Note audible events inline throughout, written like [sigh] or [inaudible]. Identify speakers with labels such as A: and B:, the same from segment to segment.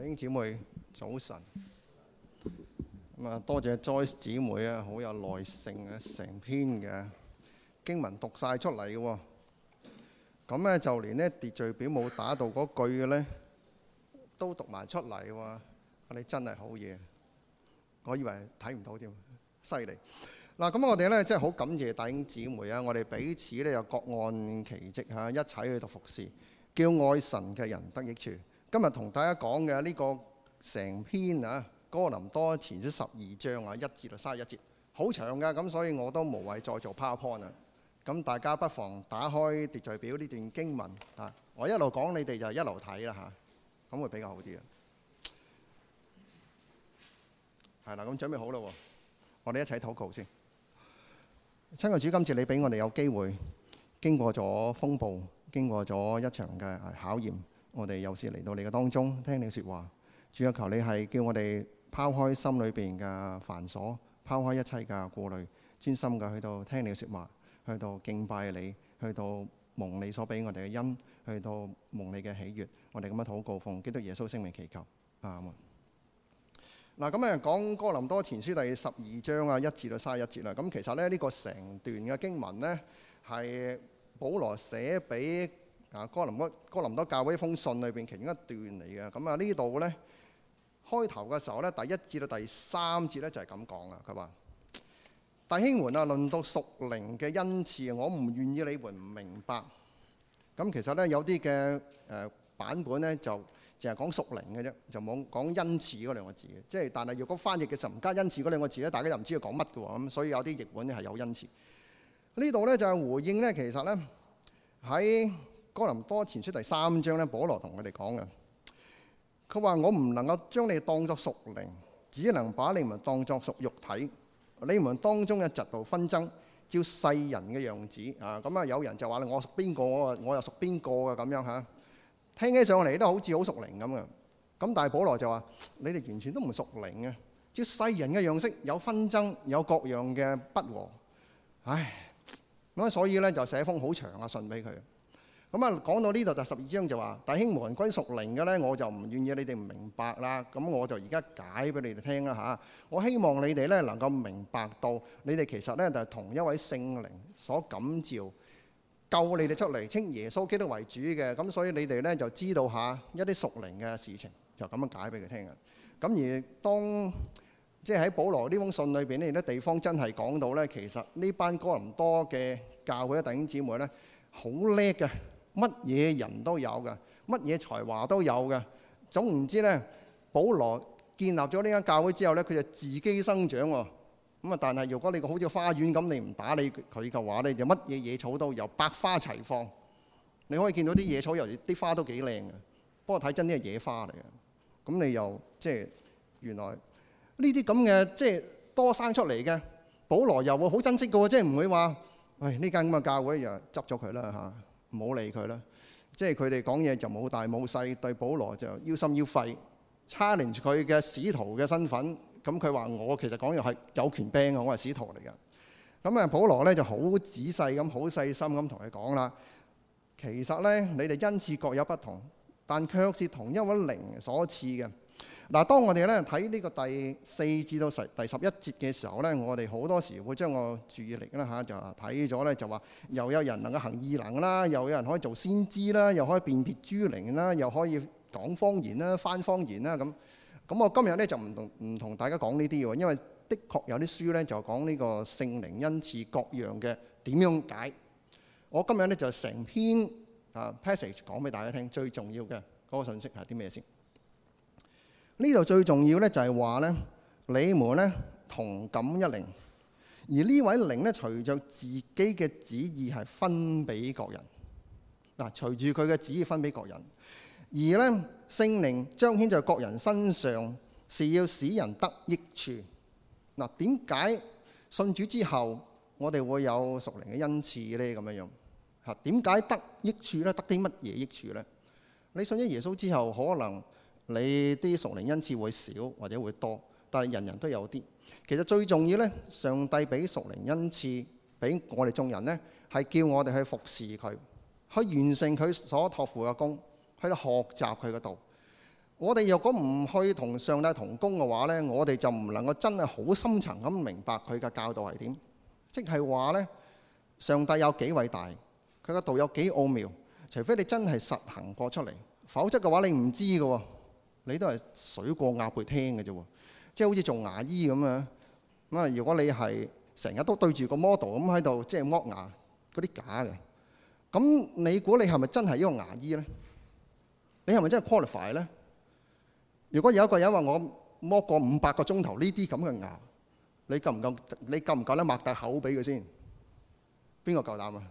A: 弟兄姊妹，早晨。咁啊，多謝 Joyce 姊妹啊，好有耐性嘅，成篇嘅經文讀晒出嚟嘅喎。咁咧就連呢秩序表冇打到嗰句嘅咧，都讀埋出嚟喎。你真係好嘢，我以為睇唔到添，犀利。嗱，咁我哋咧真係好感謝弟兄姊妹啊！我哋彼此咧又各按其職嚇，一齊去度服侍，叫愛神嘅人得益處。今日同大家講嘅呢個成篇啊哥林多前書十二章啊一節到卅一節，好長嘅，咁所以我都無謂再做 PowerPoint 啦。咁大家不妨打開秩序表呢段經文啊，我一路講，你哋就一路睇啦嚇，咁會比較好啲啊。係啦，咁準備好啦，我哋一齊禱告先。親愛主，今次你俾我哋有機會經過咗風暴，經過咗一場嘅考驗。我哋又係嚟到你嘅當中，聽你的說話。主啊，求你係叫我哋拋開心裏邊嘅繁瑣，拋開一切嘅顧慮，專心嘅去到聽你嘅說話，去到敬拜你，去到蒙你所俾我哋嘅恩，去到蒙你嘅喜悅。我哋咁樣禱告，奉基督耶穌聖名祈求。阿們。嗱，咁啊，講哥林多前書第十二章啊，一節到卅一節啊。咁其實咧呢個成段嘅經文呢，係保羅寫俾。啊，哥林多哥林多教會一封信裏邊其中一段嚟嘅咁啊。呢度咧開頭嘅時候咧，第一節到第三節咧就係咁講啊。佢話：弟兄們啊，論到屬靈嘅恩賜，我唔願意你們唔明白。咁其實咧有啲嘅誒版本咧就淨係講屬靈嘅啫，就冇講恩賜嗰兩個字嘅。即係但係若果翻譯嘅時唔加恩賜嗰兩個字咧，大家又唔知佢講乜嘅咁，所以有啲譯本咧係有恩賜呢度咧就係、是、回應咧，其實咧喺。哥林多前書第三章咧，保羅同佢哋講嘅，佢話我唔能夠將你當作屬靈，只能把你們當作屬肉體。你們當中嘅嫉妒紛爭，照世人嘅樣子啊，咁啊有人就話我屬邊個，我又屬邊個嘅咁樣吓，聽起上嚟都好似好屬靈咁嘅。咁但係保羅就話你哋完全都唔屬靈嘅，照世人嘅樣式，有紛爭，有各樣嘅不和。唉，咁所以咧就寫封好長嘅信俾佢。咁啊，講到呢度第十二章就話：弟兄無人歸屬靈嘅呢，我就唔願意你哋唔明白啦。咁我就而家解俾你哋聽啦嚇。我希望你哋呢能夠明白到，你哋其實呢就係同一位聖靈所感召，救你哋出嚟，稱耶穌基督為主嘅。咁所以你哋呢就知道嚇一啲屬靈嘅事情，就咁樣解俾佢聽嘅。咁而當即係喺保羅呢封信裏邊呢，有地方真係講到呢，其實呢班哥林多嘅教會弟兄姊妹呢，好叻嘅。乜嘢人都有嘅，乜嘢才華都有嘅。總唔知呢，保羅建立咗呢間教會之後呢，佢就自己生長喎。咁啊，但係如果你個好似花園咁，你唔打理佢嘅話咧，就乜嘢野草都有，百花齊放。你可以見到啲野草，有啲花都幾靚嘅。不過睇真啲係野花嚟嘅。咁你又即係原來呢啲咁嘅即係多生出嚟嘅保羅又會好珍惜嘅喎，即係唔會話唉，呢間咁嘅教會又執咗佢啦嚇。唔好理佢啦，即係佢哋講嘢就冇大冇細，對保羅就要心要肺 challenge 佢嘅使徒嘅身份，咁佢話我其實講嘢係有權柄嘅，我係使徒嚟嘅。咁啊，保羅呢就好仔細咁、好細心咁同佢講啦。其實呢，你哋恩賜各有不同，但卻是同一位靈所賜嘅。嗱，當我哋咧睇呢個第四至到十第十一節嘅時候呢，我哋好多時會將我注意力啦嚇就睇咗呢，就話又有人能夠行異能啦，又有人可以做先知啦，又可以辨別諸靈啦，又可以講方言啦、翻方言啦咁。咁我今日呢，就唔同唔同大家講呢啲喎，因為的確有啲書呢，就講呢個聖靈恩賜各樣嘅點樣解。我今日呢，就成篇啊 passage 講俾大家聽，最重要嘅嗰個信息係啲咩先？呢度最重要呢，就係話呢，你們呢，同感一靈，而呢位靈呢，隨着自己嘅旨意係分俾各人。嗱，隨住佢嘅旨意分俾各人，而呢，聖靈彰顯在各人身上，是要使人得益處。嗱，點解信主之後我哋會有屬靈嘅恩賜呢？咁樣樣，吓點解得益處呢？得啲乜嘢益處呢？你信咗耶穌之後，可能。你啲屬靈恩賜會少或者會多，但係人人都有啲。其實最重要呢，上帝俾屬靈恩賜俾我哋眾人呢，係叫我哋去服侍佢，去完成佢所託付嘅工，去學習佢嘅道。我哋若果唔去同上帝同工嘅話呢，我哋就唔能夠真係好深層咁明白佢嘅教導係點。即係話呢，上帝有幾偉大，佢嘅道有幾奧妙，除非你真係實行過出嚟，否則嘅話你唔知嘅喎。你都係水過鴨背聽嘅啫喎，即係好似做牙醫咁樣。咁啊，如果你係成日都對住個 model 咁喺度，即係剝牙嗰啲假嘅，咁你估你係咪真係呢個牙醫咧？你係咪真係 qualify 咧？如果有個人話我剝過五百個鐘頭呢啲咁嘅牙，你夠唔夠？你夠唔夠得擘大口俾佢先？邊個夠膽啊？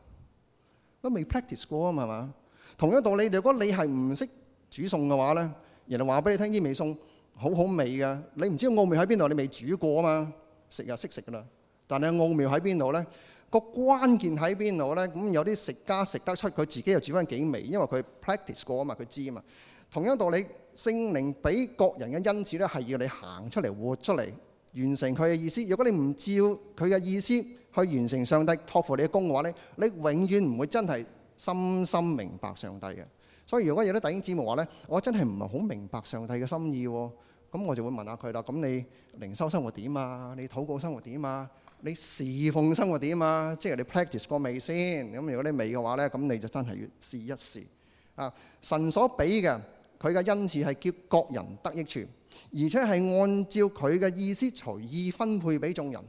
A: 都未 practice 過啊嘛，係嘛？同樣道理，如果你係唔識煮餸嘅話咧。人哋話俾你聽啲味餸好好味噶，你唔知奧妙喺邊度，你未煮過啊嘛，食又識食噶啦。但係奧妙喺邊度咧？個關鍵喺邊度咧？咁有啲食家食得出，佢自己又煮翻幾味，因為佢 practice 過啊嘛，佢知啊嘛。同樣道理，聖靈俾各人嘅恩賜咧，係要你行出嚟、活出嚟、完成佢嘅意思。如果你唔照佢嘅意思去完成上帝託付你嘅功嘅話咧，你永遠唔會真係深深明白上帝嘅。所以如果有啲弟兄姊妹話咧，我真係唔係好明白上帝嘅心意喎，咁我就會問下佢啦。咁你靈修生活點啊？你禱告生活點啊？你侍奉生活點啊？即係你 practice 過未先？咁如果你未嘅話咧，咁你就真係要試一試。啊，神所俾嘅佢嘅恩賜係叫各人得益處，而且係按照佢嘅意思隨意分配俾眾人。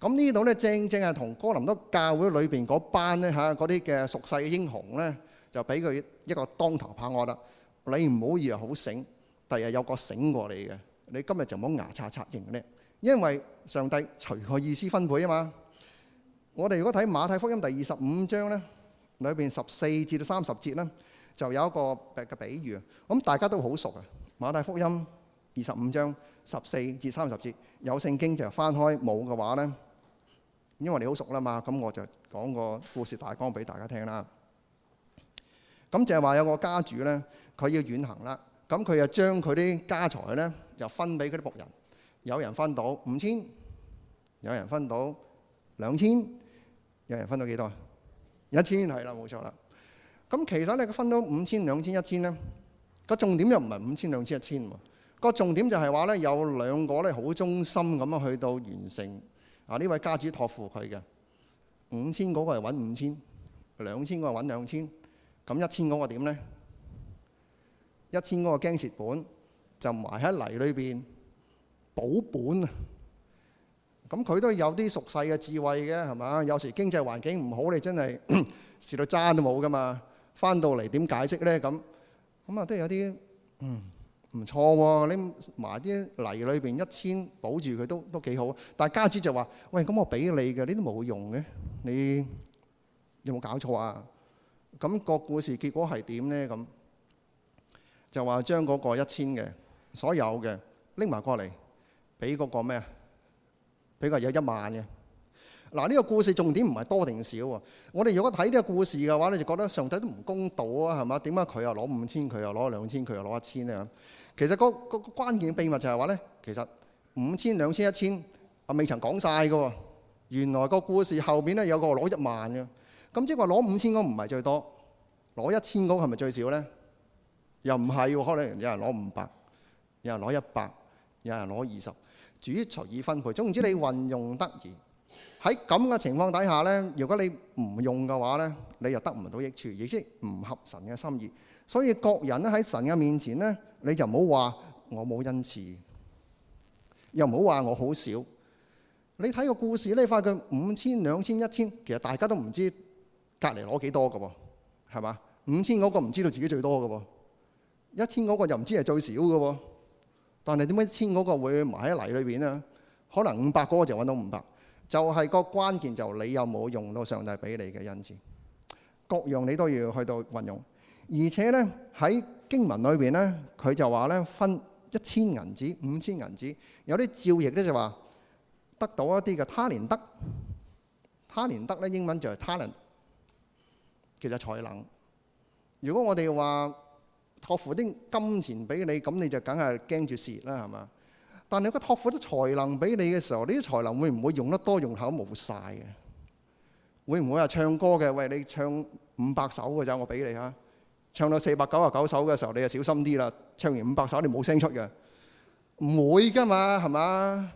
A: 咁呢度咧，正正係同哥林多教會裏邊嗰班咧嚇嗰啲嘅屬世嘅英雄咧。就俾佢一個當頭棒喝啦！你唔好以為好醒，第日有個醒過你嘅，你今日就唔好牙擦擦型咧。因為上帝隨佢意思分配啊嘛。我哋如果睇馬太福音第二十五章咧，裏邊十四至到三十節咧，就有一個嘅比喻啊。咁大家都好熟啊。馬太福音二十五章十四至三十節，有聖經就翻開，冇嘅話咧，因為你好熟啦嘛，咁我就講個故事大綱俾大家聽啦。咁就係話有個家主呢，佢要遠行啦。咁佢就將佢啲家財呢，就分俾佢啲僕人。有人分到五千，有人分到兩千，有人分到幾多啊？一千係啦，冇錯啦。咁其實你分到五千、兩千、一千呢，個重點又唔係五千、兩千、一千喎。個重點就係話呢，有兩個呢好忠心咁樣去到完成啊，呢位家主托付佢嘅，五千嗰個係揾五千，兩千嗰個係揾兩千。咁一千嗰個點咧？一千嗰個驚蝕本，就埋喺泥裏邊保本啊！咁 [laughs] 佢都有啲熟悉嘅智慧嘅，係嘛？有時經濟環境唔好，你真係蝕到渣都冇噶嘛！翻到嚟點解釋咧？咁咁啊，都有啲嗯唔錯喎！你埋啲泥裏邊一千保住佢都都幾好。但係家主就話：喂，咁我俾你嘅，你都冇用嘅，你有冇搞錯啊？咁個故事結果係點咧？咁就話將嗰個一千嘅所有嘅拎埋過嚟，俾嗰個咩啊？俾個有一萬嘅。嗱，呢個故事重點唔係多定少喎。我哋如果睇呢個故事嘅話咧，你就覺得上帝都唔公道啊，係嘛？點解佢又攞五千，佢又攞兩千，佢又攞一千咧？其實個關鍵秘密就係話咧，其實五千、兩千、一千，我未曾講曬嘅喎。原來個故事後面咧，有個攞一萬嘅。咁即係話攞五千個唔係最多，攞一千個係咪最少咧？又唔係，可能有人攞五百，有人攞一百，有人攞二十，隨意分配。總之你運用得宜。喺咁嘅情況底下咧，如果你唔用嘅話咧，你又得唔到益處，亦即係唔合神嘅心意。所以各人咧喺神嘅面前咧，你就唔好話我冇恩賜，又唔好話我好少。你睇個故事咧，你發覺五千、兩千、一千，其實大家都唔知。隔離攞幾多嘅喎？係嘛？五千嗰個唔知道自己最多嘅喎，一千嗰個又唔知係最少嘅喎。但係點解一千嗰個會埋喺泥裏邊咧？可能五百嗰個就搵到五百，就係個關鍵就你有冇用到上帝俾你嘅恩賜，各樣你都要去到運用。而且咧喺經文裏邊咧，佢就話咧分一千銀紙、五千銀紙，有啲照譯咧就話得到一啲嘅他連得，他連得咧英文就係 talent。其實才能，如果我哋話託付啲金錢俾你，咁你就梗係驚住蝕啦，係嘛？但係如果託付啲才能俾你嘅時候，呢啲才能會唔會用得多用口冇晒嘅？會唔會話唱歌嘅？喂你唱五百首嘅咋，我俾你吓，唱到四百九十九首嘅時候，你就小心啲啦！唱完五百首你冇聲出嘅，唔會㗎嘛，係嘛？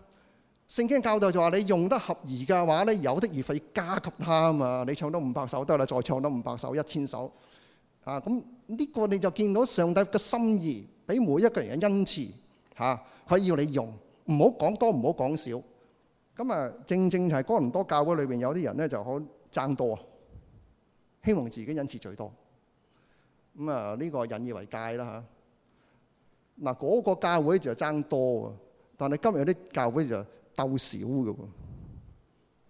A: 聖經教導就話：你用得合宜嘅話咧，有的餘費加給他啊嘛！你唱到五百首得啦，再唱到五百首一千首啊！咁呢個你就見到上帝嘅心意，俾每一個人嘅恩賜嚇。佢要你用，唔好講多，唔好講少。咁啊，正正就係哥林多教會裏邊有啲人咧，就好爭多，希望自己恩賜最多。咁啊，呢個引以為戒啦嚇。嗱，嗰個教會就爭多，但係今日有啲教會就～鬥少㗎喎，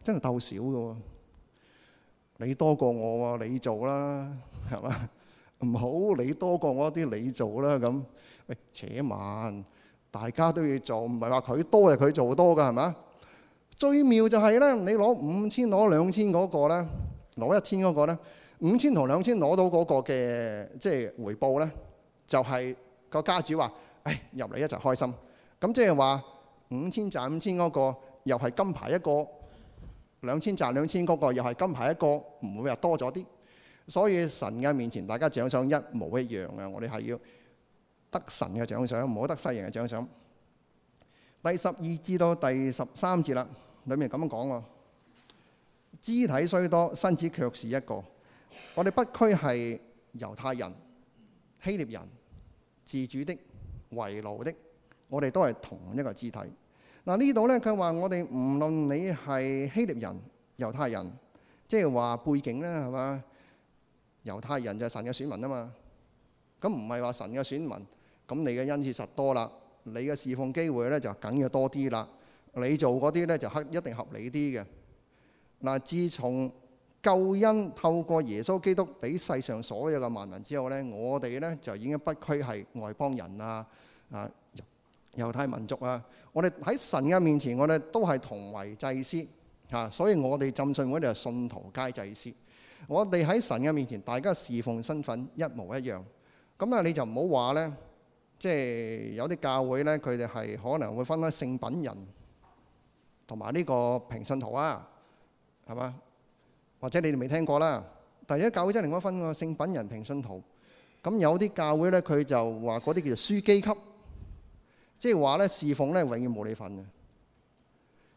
A: 真係鬥少㗎喎。你多過我喎，你做啦，係嘛？唔好你多過我啲，你做啦咁。喂，且、哎、慢，大家都要做，唔係話佢多係佢做多㗎，係嘛？最妙就係、是、咧，你攞五千，攞兩千嗰個咧，攞一千嗰個咧，五千同兩千攞到嗰個嘅，即係回報咧，就係、是、個家主話：誒、哎，入嚟一齊開心。咁即係話。五千賺五千嗰個又係金牌一個，兩千賺兩千嗰個又係金牌一個，唔會話多咗啲。所以神嘅面前，大家獎賞一模一樣啊！我哋係要得神嘅獎賞，唔好得世人嘅獎賞。第十二至到第十三節啦，裏面咁講喎：肢體雖多，身子卻是一個。我哋不拘係猶太人、希臘人、自主的、為奴的。我哋都係同一個肢體。嗱，呢度呢，佢話我哋唔論你係希臘人、猶太人，即係話背景呢，係嘛？猶太人就係神嘅選民啊嘛。咁唔係話神嘅選民，咁你嘅恩賜實多啦，你嘅侍奉機會呢就梗要多啲啦。你做嗰啲呢，就合一定合理啲嘅。嗱，自從救恩透過耶穌基督俾世上所有嘅萬民之後呢，我哋呢就已經不拘係外邦人啊啊！猶太民族啊！我哋喺神嘅面前，我哋都係同為祭司嚇，所以我哋浸信會，我哋係信徒皆祭司。我哋喺神嘅面前，大家侍奉身份一模一樣。咁咧，你就唔好話咧，即係有啲教會咧，佢哋係可能會分開聖品人同埋呢個平信徒啊，係嘛？或者你哋未聽過啦。但係啲教會真係另外分個聖品人、平信徒。咁有啲教會咧，佢就話嗰啲叫做書基級。即係話咧，侍奉咧，永遠冇你份嘅，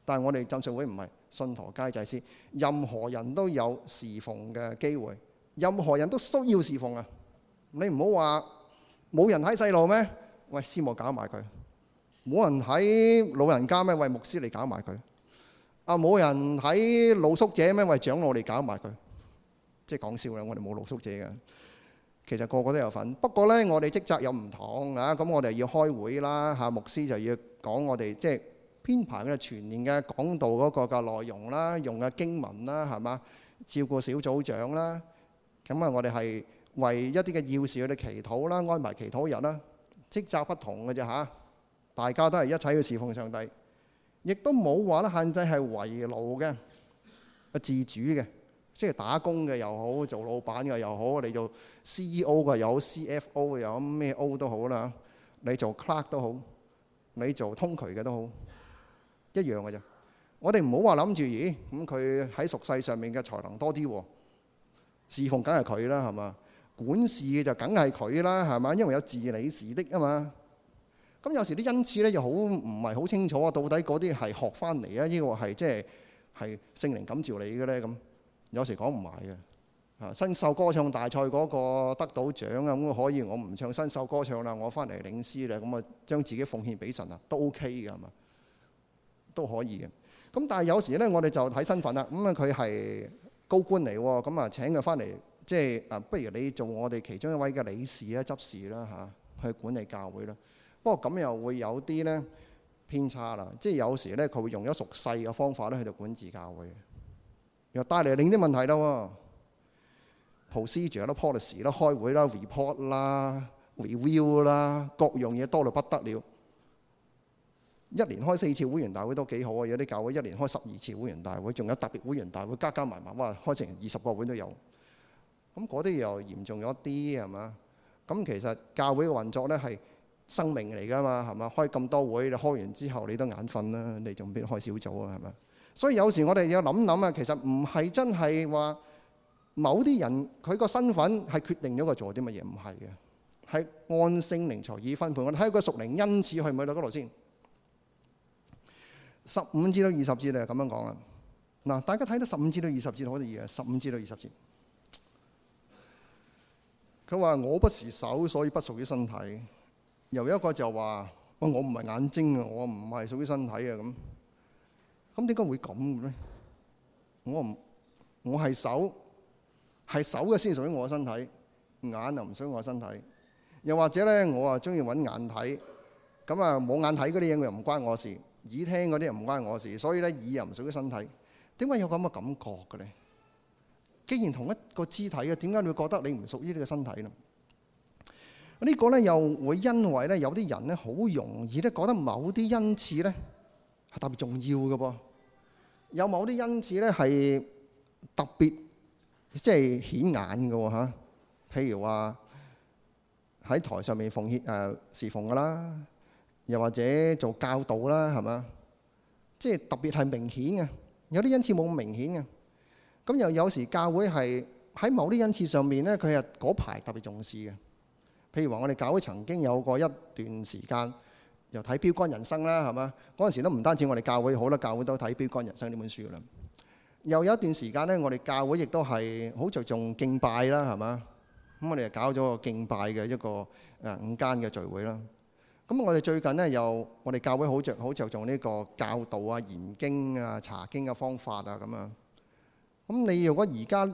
A: 但係我哋浸信會唔係信徒皆祭司，任何人都有侍奉嘅機會，任何人都需要侍奉啊！你唔好話冇人喺細路咩？喂，師母搞埋佢；冇人喺老人家咩？喂，牧師嚟搞埋佢；啊，冇人喺露宿者咩？喂，長老嚟搞埋佢。即係講笑啦，我哋冇露宿者嘅。其實個個都有份，不過呢，我哋職責又唔同嚇，咁、啊、我哋要開會啦，嚇、啊、牧師就要講我哋即係編排嘅全年嘅講道嗰個嘅內容啦、啊，用嘅經文啦，係、啊、嘛，照顧小組長啦，咁啊我哋係為一啲嘅要事去哋祈禱啦、啊，安排祈禱日啦，職、啊、責不同嘅啫吓，大家都係一齊去侍奉上帝，亦都冇話咧限制係唯路嘅，自主嘅。即係打工嘅又好，做老闆嘅又好，好，你做 C E O 嘅又好，C F O 嘅又好，咩 O 都好啦。你做 clerk 都好，你做通渠嘅都好，一樣嘅啫。我哋唔好話諗住，咦咁佢喺屬世上面嘅才能多啲，事奉梗係佢啦，係嘛？管事嘅就梗係佢啦，係嘛？因為有治理事的啊嘛。咁有時啲恩賜咧又好唔係好清楚啊。到底嗰啲係學翻嚟啊，呢個係即係係聖靈感召你嘅咧咁。有時講唔埋嘅，新秀歌唱大賽嗰個得到獎啊，咁可以，我唔唱新秀歌唱啦，我翻嚟領詩咧，咁啊將自己奉獻俾神啊，都 OK 嘅係嘛，都可以嘅。咁但係有時呢，我哋就睇身份啦。咁、嗯、啊，佢係高官嚟喎，咁啊請佢翻嚟，即係啊，不如你做我哋其中一位嘅理事啦、執事啦嚇、啊，去管理教會啦。不過咁又會有啲呢偏差啦，即係有時呢，佢會用咗俗世嘅方法咧去到管治教會。又帶嚟另一啲問題啦喎，procedure 啦有啲 policy 啦、開會啦、report 啦、review 啦，各樣嘢多到不得了。一年開四次會員大會都幾好啊！有啲教會一年開十二次會員大會，仲有特別會員大會，加加埋埋，哇，開成二十個會都有。咁嗰啲又嚴重咗啲，係嘛？咁其實教會嘅運作呢係生命嚟㗎嘛，係嘛？開咁多會，你開完之後你都眼瞓啦，你仲邊開小組啊，係咪？所以有時我哋要諗諗啊，其實唔係真係話某啲人佢個身份係決定咗佢做啲乜嘢，唔係嘅，係按聖靈才已分配。我睇個屬靈，因此去唔去到嗰度先？十五至到二十節咧，咁樣講啊。嗱，大家睇到十五至到二十節，我哋嘢十五至到二十節。佢話我不是手，所以不屬於身體。又一個就話我唔係眼睛啊，我唔係屬於身體啊咁。咁點解會咁嘅咧？我唔，我係手係手嘅先屬於我嘅身體，眼又唔屬於我嘅身體。又或者咧，我啊中意揾眼睇，咁啊冇眼睇嗰啲嘢又唔關我事，耳聽嗰啲又唔關我事，所以咧耳又唔屬於身體。點解有咁嘅感覺嘅咧？既然同一個肢體嘅，點解你會覺得你唔屬於呢個身體咧？呢個咧又會因為咧有啲人咧好容易咧覺得某啲恩賜咧係特別重要嘅噃。有某啲恩賜咧係特別即係、就是、顯眼嘅喎，譬如話喺台上面奉獻誒、呃、侍奉嘅啦，又或者做教導啦，係嘛？即、就、係、是、特別係明顯嘅，有啲恩賜冇咁明顯嘅。咁又有時教會係喺某啲恩賜上面咧，佢係嗰排特別重視嘅。譬如話，我哋教會曾經有過一段時間。又睇《標杆人生》啦，係嘛？嗰陣時都唔單止我哋教會好啦，好多教會都睇《標杆人生》呢本書噶啦。又有一段時間呢，我哋教會亦都係好着重敬拜啦，係嘛？咁我哋又搞咗個敬拜嘅一個誒午、呃、間嘅聚會啦。咁我哋最近呢，又我哋教會好着好著重呢個教導啊、研經啊、查經嘅方法啊咁樣。咁你如果而家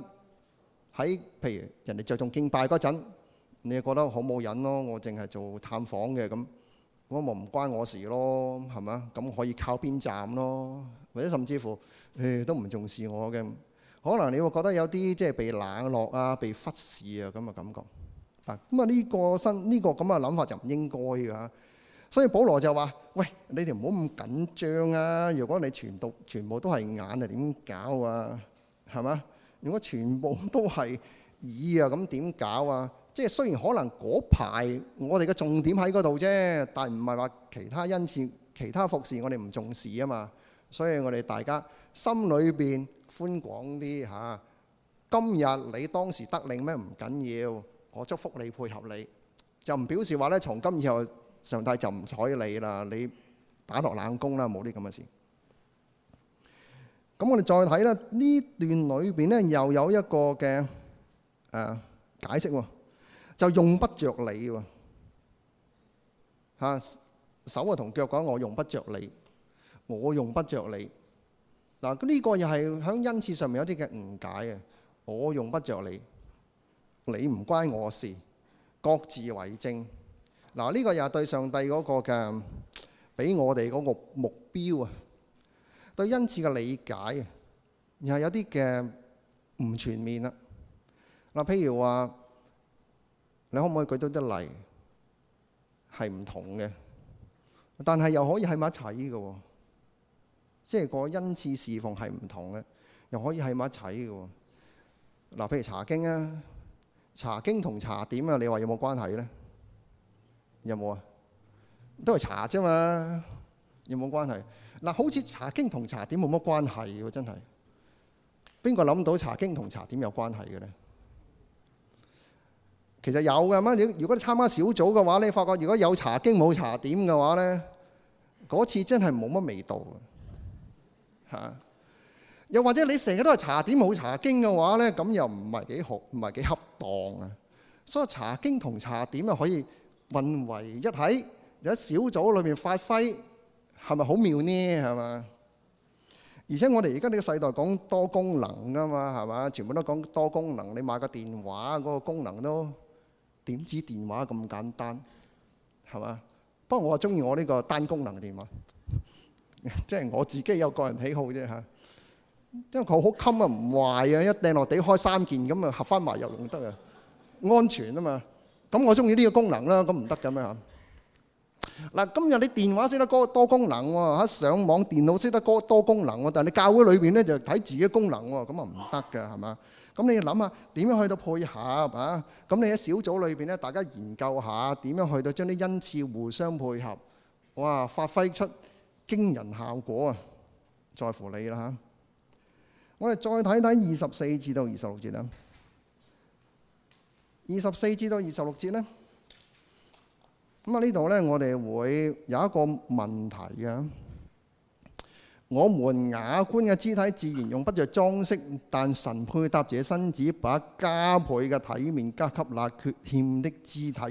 A: 喺譬如人哋着重敬拜嗰陣，你就覺得好冇癮咯。我淨係做探訪嘅咁。咁我咪唔關我事咯，係咪啊？咁可以靠邊站咯，或者甚至乎誒都唔重視我嘅，可能你會覺得有啲即係被冷落啊、被忽視啊咁嘅感覺。嗱，咁啊呢個新呢個咁嘅諗法就唔應該㗎。所以保羅就話：「喂，你哋唔好咁緊張啊！如果你全讀全部都係眼啊，點搞啊？係嘛？如果全部都係耳啊，咁點搞啊？即係雖然可能嗰排我哋嘅重點喺嗰度啫，但係唔係話其他恩賜、其他服事我哋唔重視啊嘛。所以我哋大家心裏邊寬廣啲嚇。今日你當時得令咩唔緊要，我祝福你配合你，就唔表示話咧，從今以後上帝就唔採你唔睬你啦。你打落冷宮啦，冇啲咁嘅事。咁我哋再睇啦，呢段裏邊咧，又有一個嘅誒解釋喎。又用不着你喎，手啊同腳講我用不着你，我用不着你。嗱，呢個又係響恩賜上面有啲嘅誤解啊！我用不着你，你唔關我事，各自為政。嗱，呢個又係對上帝嗰個嘅俾我哋嗰個目標啊，對恩賜嘅理解啊，又係有啲嘅唔全面啦。嗱，譬如話。你可唔可以舉到啲例？係唔同嘅，但係又可以喺埋一齊嘅喎。即係個恩賜侍奉係唔同嘅，又可以喺埋一齊嘅喎。嗱，譬如查經啊，查經同茶點啊，你話有冇關係咧？有冇啊？都係茶啫嘛，有冇關係？嗱，好似查經同茶點冇乜關係喎，真係。邊個諗到查經同茶點有關係嘅咧？其實有㗎嘛，咁樣你如果你參加小組嘅話咧，你發覺如果有查經冇茶點嘅話咧，嗰次真係冇乜味道吓。又或者你成日都係茶點冇查經嘅話咧，咁又唔係幾好，唔係幾恰當啊。所以查經同茶點啊可以混為一體，喺小組裏面發揮係咪好妙呢？係嘛？而且我哋而家呢個世代講多功能㗎嘛，係嘛？全部都講多功能，你買個電話嗰個功能都～點知電話咁簡單係嘛？不過我中意我呢個單功能電話，即 [laughs] 係我自己有個人喜好啫嚇。因為佢好襟啊，唔壞啊，一掟落地開三件咁啊，合翻埋又用得啊，安全啊嘛。咁我中意呢個功能啦，咁唔得咁樣嚇。嗱，今日你電話識得多功能喎，喺上網電腦識得多功能喎，但係你教會裏邊咧就睇自己功能喎，咁啊唔得嘅係嘛？咁你要諗下點樣去到配合啊。咁你喺小組裏邊咧，大家研究下點樣去到將啲音色互相配合，哇！發揮出驚人效果啊！在乎你啦嚇！我哋再睇睇二十四至到二十六節啊，二十四至到二十六節咧。咁啊，呢度呢，我哋會有一個問題嘅。我們雅觀嘅肢體自然用不着裝飾，但神配搭這身子，把加倍嘅體面加給那缺欠的肢體。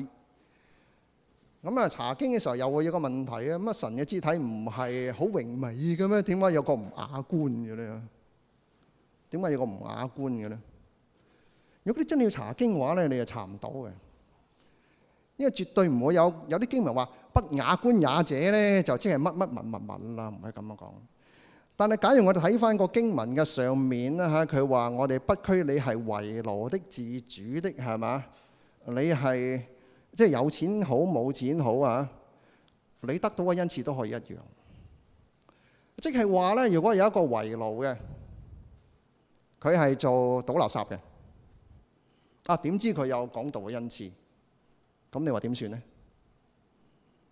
A: 咁啊，查經嘅時候又會有個問題啊！乜神嘅肢體唔係好榮美嘅咩？點解有個唔雅觀嘅呢？點解有個唔雅觀嘅呢？如果你真要查經嘅話呢，你又查唔到嘅。因為絕對唔會有有啲經文話不雅觀雅者呢，就即係乜乜乜物物啦，唔可以咁樣講。但係假如我哋睇翻個經文嘅上面啦嚇，佢話我哋不拘你係為奴的、自主的，係嘛？你係即係有錢好、冇錢好啊？你得到嘅恩賜都可以一樣，即係話呢，如果有一個為奴嘅，佢係做倒垃圾嘅，啊點知佢有講道嘅恩賜？咁你話點算呢？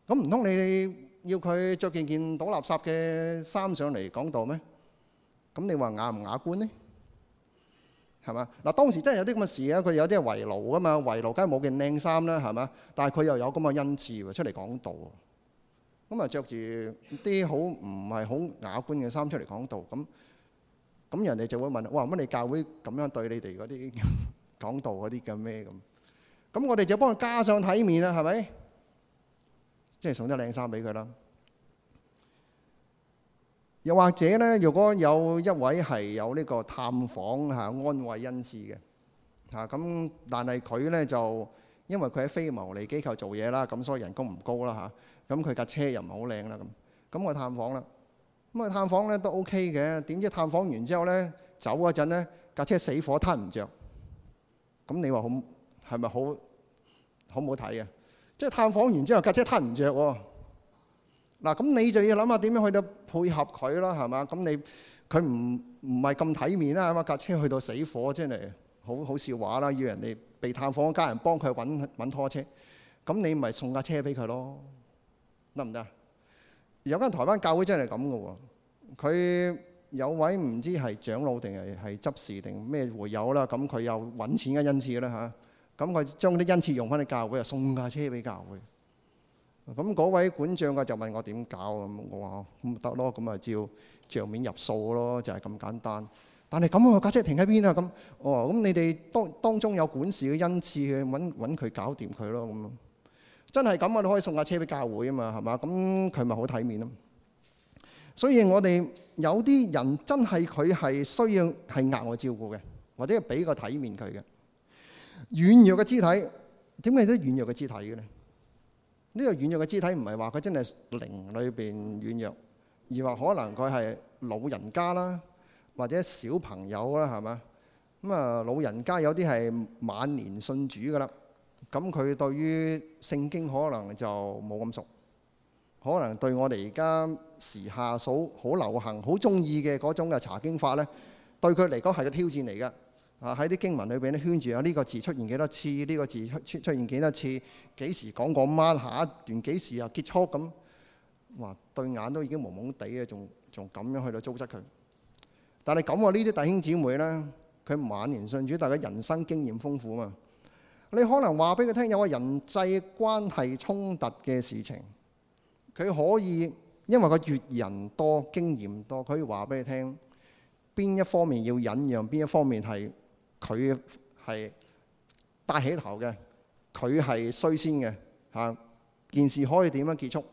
A: 咁唔通你要佢着件件倒垃圾嘅衫上嚟講道咩？咁你話雅唔雅觀呢？係嘛？嗱，當時真係有啲咁嘅事啊！佢有啲係圍爐啊嘛，圍爐梗係冇件靚衫啦，係嘛？但係佢又有咁嘅恩賜喎，出嚟講道，咁啊着住啲好唔係好雅觀嘅衫出嚟講道，咁咁人哋就會問：哇，乜你教會咁樣對你哋嗰啲講道嗰啲嘅咩咁？咁我哋就幫佢加上體面啦，係咪？即係送啲靚衫俾佢啦。又或者咧，如果有一位係有呢個探訪嚇安慰恩賜嘅，嚇咁，但係佢咧就因為佢喺非牟利機構做嘢啦，咁所以人工唔高啦嚇。咁佢架車又唔好靚啦咁。咁個探訪啦，咁個探訪咧都 OK 嘅。點知探訪完之後咧，走嗰陣咧，架車死火，撻唔著。咁你話好？係咪好好唔好睇啊？即係探訪完之後，架車攤唔着喎。嗱，咁你就要諗下點樣去到配合佢啦，係嘛？咁你佢唔唔係咁體面啦、啊，咁啊架車去到死火，真係好好笑話啦、啊！要人哋被探訪嗰家人幫佢揾揾拖車，咁你咪送架車俾佢咯，得唔得啊？有間台灣教會真係咁噶喎，佢有位唔知係長老定係係執事定咩會友啦，咁佢又揾錢嘅恩賜啦嚇。咁佢將啲恩賜用翻啲教會啊，送架車俾教會。咁嗰位管帳嘅就問我點搞，咁我話得咯，咁咪照帳面入數咯，就係咁簡單。但係咁我架車停喺邊啊？咁我話咁你哋當當中有管事嘅恩賜去，揾揾佢搞掂佢咯。咁咯，真係咁啊，你可以送架車俾教會啊嘛，係嘛？咁佢咪好體面咯。所以我哋有啲人真係佢係需要係額外照顧嘅，或者係俾個體面佢嘅。軟弱嘅肢體，點解都軟弱嘅肢體嘅呢？呢、呢個軟弱嘅肢體唔係話佢真係靈裏邊軟弱，而話可能佢係老人家啦，或者小朋友啦，係嘛？咁啊，老人家有啲係晚年信主噶啦，咁佢對於聖經可能就冇咁熟，可能對我哋而家時下數好流行、好中意嘅嗰種嘅查經法呢，對佢嚟講係個挑戰嚟噶。啊！喺啲經文裏邊咧圈住有呢個字出現幾多次，呢個字出出現幾多次，幾時講嗰晚下一段幾時又結束咁？哇！對眼都已經蒙蒙地嘅，仲仲咁樣去到糟質佢。但係咁話呢啲弟兄姊妹呢，佢晚年信主，但係人生經驗豐富啊嘛。你可能話俾佢聽有個人際關係衝突嘅事情，佢可以因為個閲人多經驗多，佢可以話俾你聽邊一方面要忍讓，邊一方面係。佢係帶起頭嘅，佢係衰先嘅嚇、啊。件事可以點樣結束？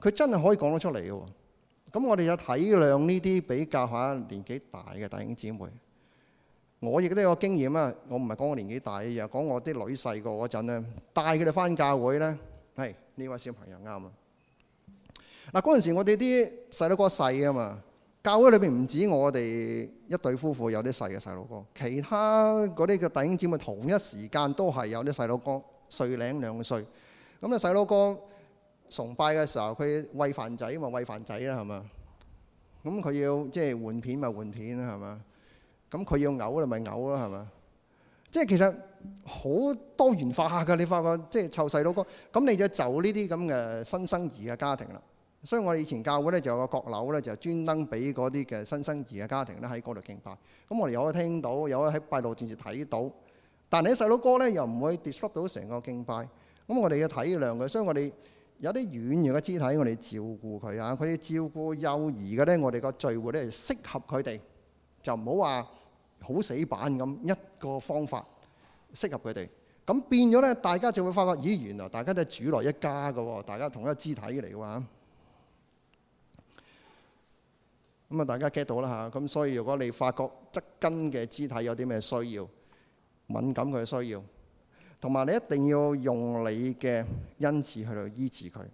A: 佢真係可以講得出嚟嘅喎。咁我哋有體諒呢啲比較下年紀大嘅弟兄姊妹。我亦都有個經驗啊！我唔係講我年紀大嘅嘢，講我啲女細個嗰陣咧，帶佢哋返教會呢，係、哎、呢位小朋友啱啊。嗱嗰陣時候我哋啲細佬哥細啊嘛～教會裏邊唔止我哋一對夫婦有啲細嘅細路哥，其他嗰啲嘅弟兄姊妹同一時間都係有啲細路哥，歲零兩歲。咁啊細路哥崇拜嘅時候，佢餵飯仔嘛，餵飯仔啦，係嘛？咁佢要即係換片咪換片啦，係嘛？咁佢要嘔咧咪嘔啦，係嘛？即係其實好多元化㗎，你發覺即係湊細路哥，咁你就就呢啲咁嘅新生兒嘅家庭啦。所以我哋以前教會咧就有個閣樓咧，就專登俾嗰啲嘅新生兒嘅家庭咧喺嗰度敬拜。咁我哋有得聽到，有得喺閉路電視睇到。但係啲細佬哥咧又唔會 disrupt 到成個敬拜。咁我哋要體諒佢，所以我哋有啲軟弱嘅肢體，我哋照顧佢啊。佢照顧幼兒嘅咧，我哋個聚會咧適合佢哋，就唔好話好死板咁一個方法適合佢哋。咁變咗咧，大家就會發覺，咦？原來大家都係主內一家噶，大家同一個肢體嚟㗎嘛。咁啊，大家 get 到啦嚇。咁所以如果你發覺側近嘅肢體有啲咩需要，敏感佢嘅需要，同埋你一定要用你嘅恩賜去到醫治佢。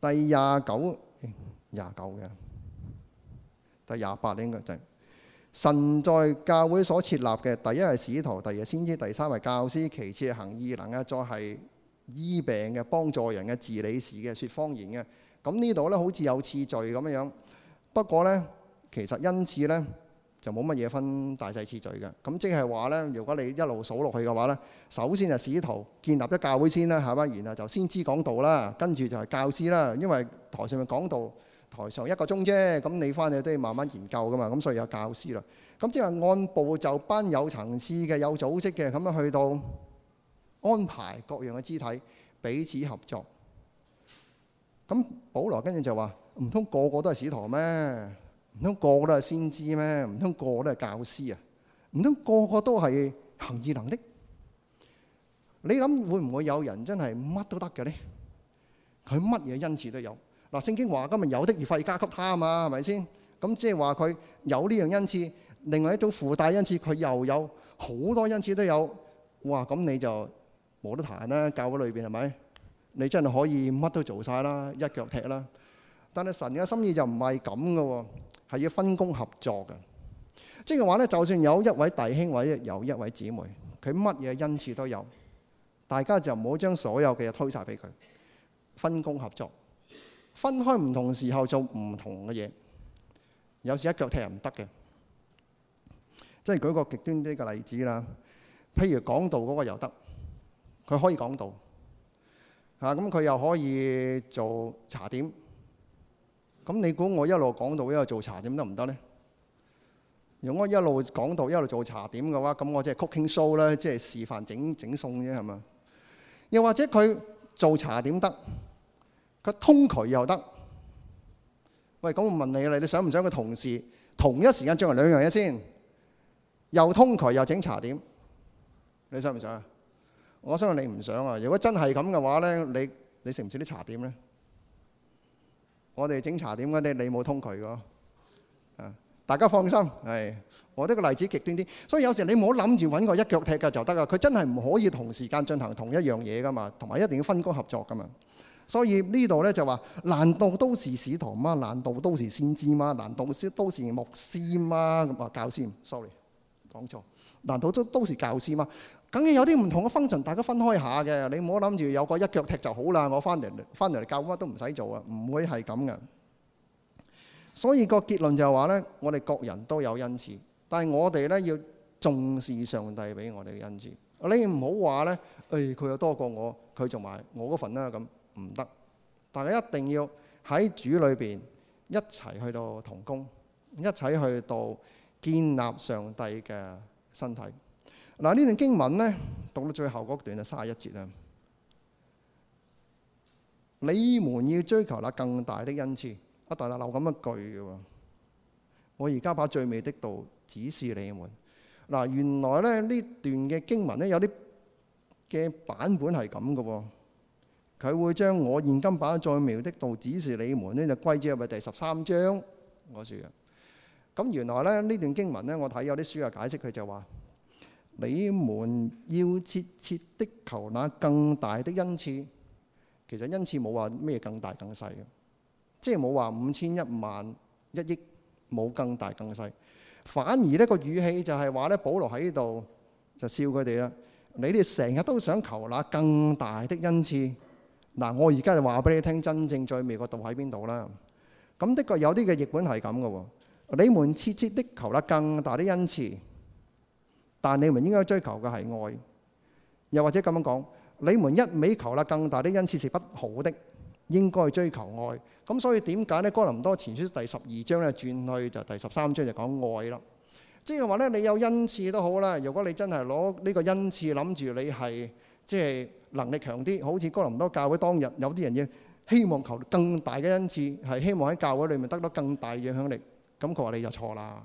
A: 第廿九廿九嘅，第廿八咧應該就是、神在教會所設立嘅，第一係使徒，第二係先知，第三係教師，其次係行異能嘅，再係醫病嘅，幫助人嘅，治理事嘅，説方言嘅。咁呢度呢，好似有次序咁樣樣。不過呢，其實因此呢，就冇乜嘢分大細次序嘅。咁即係話呢，如果你一路數落去嘅話呢，首先就使徒建立咗教會先啦，係嘛？然後就先知講道啦，跟住就係教師啦。因為台上面講道，台上一個鐘啫，咁你翻去都要慢慢研究噶嘛。咁所以有教師啦。咁即係按部就班，有層次嘅，有組織嘅，咁樣去到安排各樣嘅肢體彼此合作。咁保羅跟住就話。唔通個個都係使徒咩？唔通個個都係先知咩？唔通個個都係教師啊？唔通個個都係行異能的？你諗會唔會有人真係乜都得嘅呢？佢乜嘢恩賜都有嗱。聖經話今日有的恩賜加給他啊嘛，係咪先？咁即係話佢有呢樣恩賜，另外一種附帶恩賜，佢又有好多恩賜都有哇。咁你就冇得彈啦，教會裏邊係咪？你真係可以乜都做曬啦，一腳踢啦。但係神嘅心意就唔係咁嘅，係要分工合作嘅。即係話呢，就算有一位弟兄或者有一位姊妹，佢乜嘢恩賜都有，大家就唔好將所有嘅嘢推晒俾佢，分工合作，分開唔同時候做唔同嘅嘢。有時一腳踢人唔得嘅，即係舉個極端啲嘅例子啦。譬如講道嗰個又得，佢可以講道嚇，咁佢又可以做茶點。咁你估我一路講到一路做茶點得唔得咧？如果我一路講到一路做茶點嘅話，咁我即係 cooking show 啦，即係示範整整餸啫，係嘛？又或者佢做茶點得，佢通渠又得。喂，咁我問你啦，你想唔想個同事同一時間做埋兩樣嘢先？又通渠又整茶點，你想唔想啊？我相信你唔想啊。如果真係咁嘅話咧，你你食唔食啲茶點咧？我哋整茶點嗰啲，你冇通佢噶，啊！大家放心，係我啲個例子極端啲，所以有時你唔好諗住揾個一腳踢嘅就得㗎，佢真係唔可以同時間進行同一樣嘢㗎嘛，同埋一定要分工合作㗎嘛。所以呢度咧就話，難道都是使徒嗎？難道都是先知嗎？難道都都是牧師嗎？咁啊，教師，sorry，講錯，難道都都是教師嗎？梗係有啲唔同嘅分層，大家分開一下嘅。你唔好諗住有個一腳踢就好啦。我翻嚟翻嚟嚟教乜都唔使做啊，唔會係咁嘅。所以個結論就係話呢，我哋各人都有恩賜，但係我哋呢要重視上帝俾我哋嘅恩賜。你唔好話呢，誒佢又多過我，佢做埋我份啦，咁唔得。大家一定要喺主裏邊一齊去到同工，一齊去到建立上帝嘅身體。嗱，呢段經文呢，讀到最後嗰段就卅一節啦。你們要追求那更大的恩賜，阿大喇喇咁一句嘅喎。我而家把最美的道指示你們嗱，原來咧呢段嘅經文呢，有啲嘅版本係咁嘅喎，佢會將我現今把最妙的道指示你們呢，就歸置入去第十三章。我説嘅咁原來咧呢這段經文呢，我睇有啲書啊解釋佢就話。你們要切切的求那更大的恩賜，其實恩賜冇話咩更大更細，即係冇話五千一萬一億冇更大更細，反而呢個語氣就係話呢，保羅喺呢度就笑佢哋啦。你哋成日都想求那更大的恩賜，嗱，我而家就話俾你聽，真正最美嘅道喺邊度啦。咁的確有啲嘅譯本係咁嘅喎，你們切切的求那更大的恩賜。但你們應該追求嘅係愛，又或者咁樣講，你們一味求啦更大的恩賜是不好的，應該追求愛。咁所以點解呢？哥林多前書第十二章咧轉去就第十三章就講愛啦。即係話呢，你有恩賜都好啦。如果你真係攞呢個恩賜諗住你係即係能力強啲，好似哥林多教會當日有啲人要希望求更大嘅恩賜，係希望喺教會裏面得到更大影響力，咁佢話你就錯啦。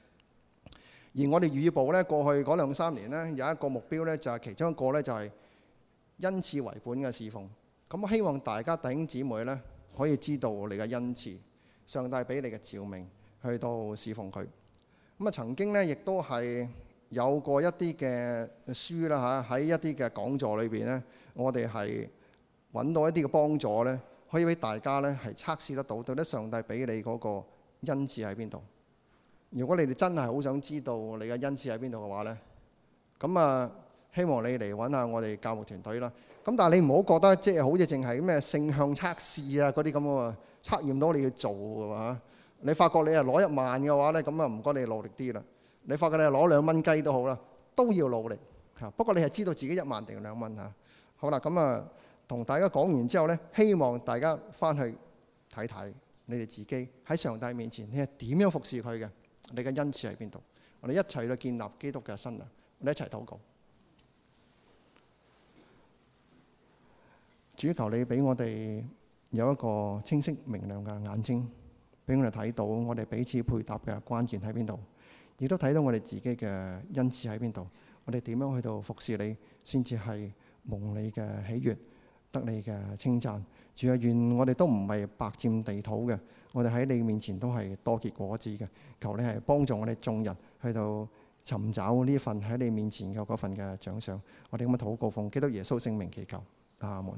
A: 而我哋預報咧，過去嗰兩三年咧，有一個目標咧，就係、是、其中一個咧，就係、是、恩賜為本嘅侍奉。咁啊，希望大家弟兄姊妹咧，可以知道你嘅恩賜，上帝俾你嘅召命，去到侍奉佢。咁啊，曾經咧，亦都係有過一啲嘅書啦嚇，喺一啲嘅講座裏邊咧，我哋係揾到一啲嘅幫助咧，可以俾大家咧係測試得到，到底上帝俾你嗰個恩賜喺邊度？如果你哋真係好想知道你嘅恩賜喺邊度嘅話呢，咁啊，希望你嚟揾下我哋教牧團隊啦。咁但係你唔好覺得即係好似淨係咩性向測試啊嗰啲咁喎，測驗到你要做㗎嘛。你發覺你係攞一萬嘅話呢，咁啊唔該你努力啲啦。你發覺你係攞兩蚊雞都好啦，都要努力嚇。不過你係知道自己一萬定兩蚊嚇。好啦，咁啊同大家講完之後呢，希望大家翻去睇睇你哋自己喺上帝面前，你係點樣服侍佢嘅？你嘅恩賜喺邊度？我哋一齊去建立基督嘅新娘，我哋一齊禱告。主求你俾我哋有一個清晰明亮嘅眼睛，俾我哋睇到我哋彼此配搭嘅關鍵喺邊度，亦都睇到我哋自己嘅恩賜喺邊度。我哋點樣去到服侍你，先至係蒙你嘅喜悅，得你嘅稱讚。主啊，願我哋都唔係白佔地土嘅，我哋喺你面前都係多結果子嘅。求你係幫助我哋眾人去到尋找呢份喺你面前嘅嗰份嘅獎賞。我哋咁樣禱告，奉基督耶穌聖名祈求，阿門。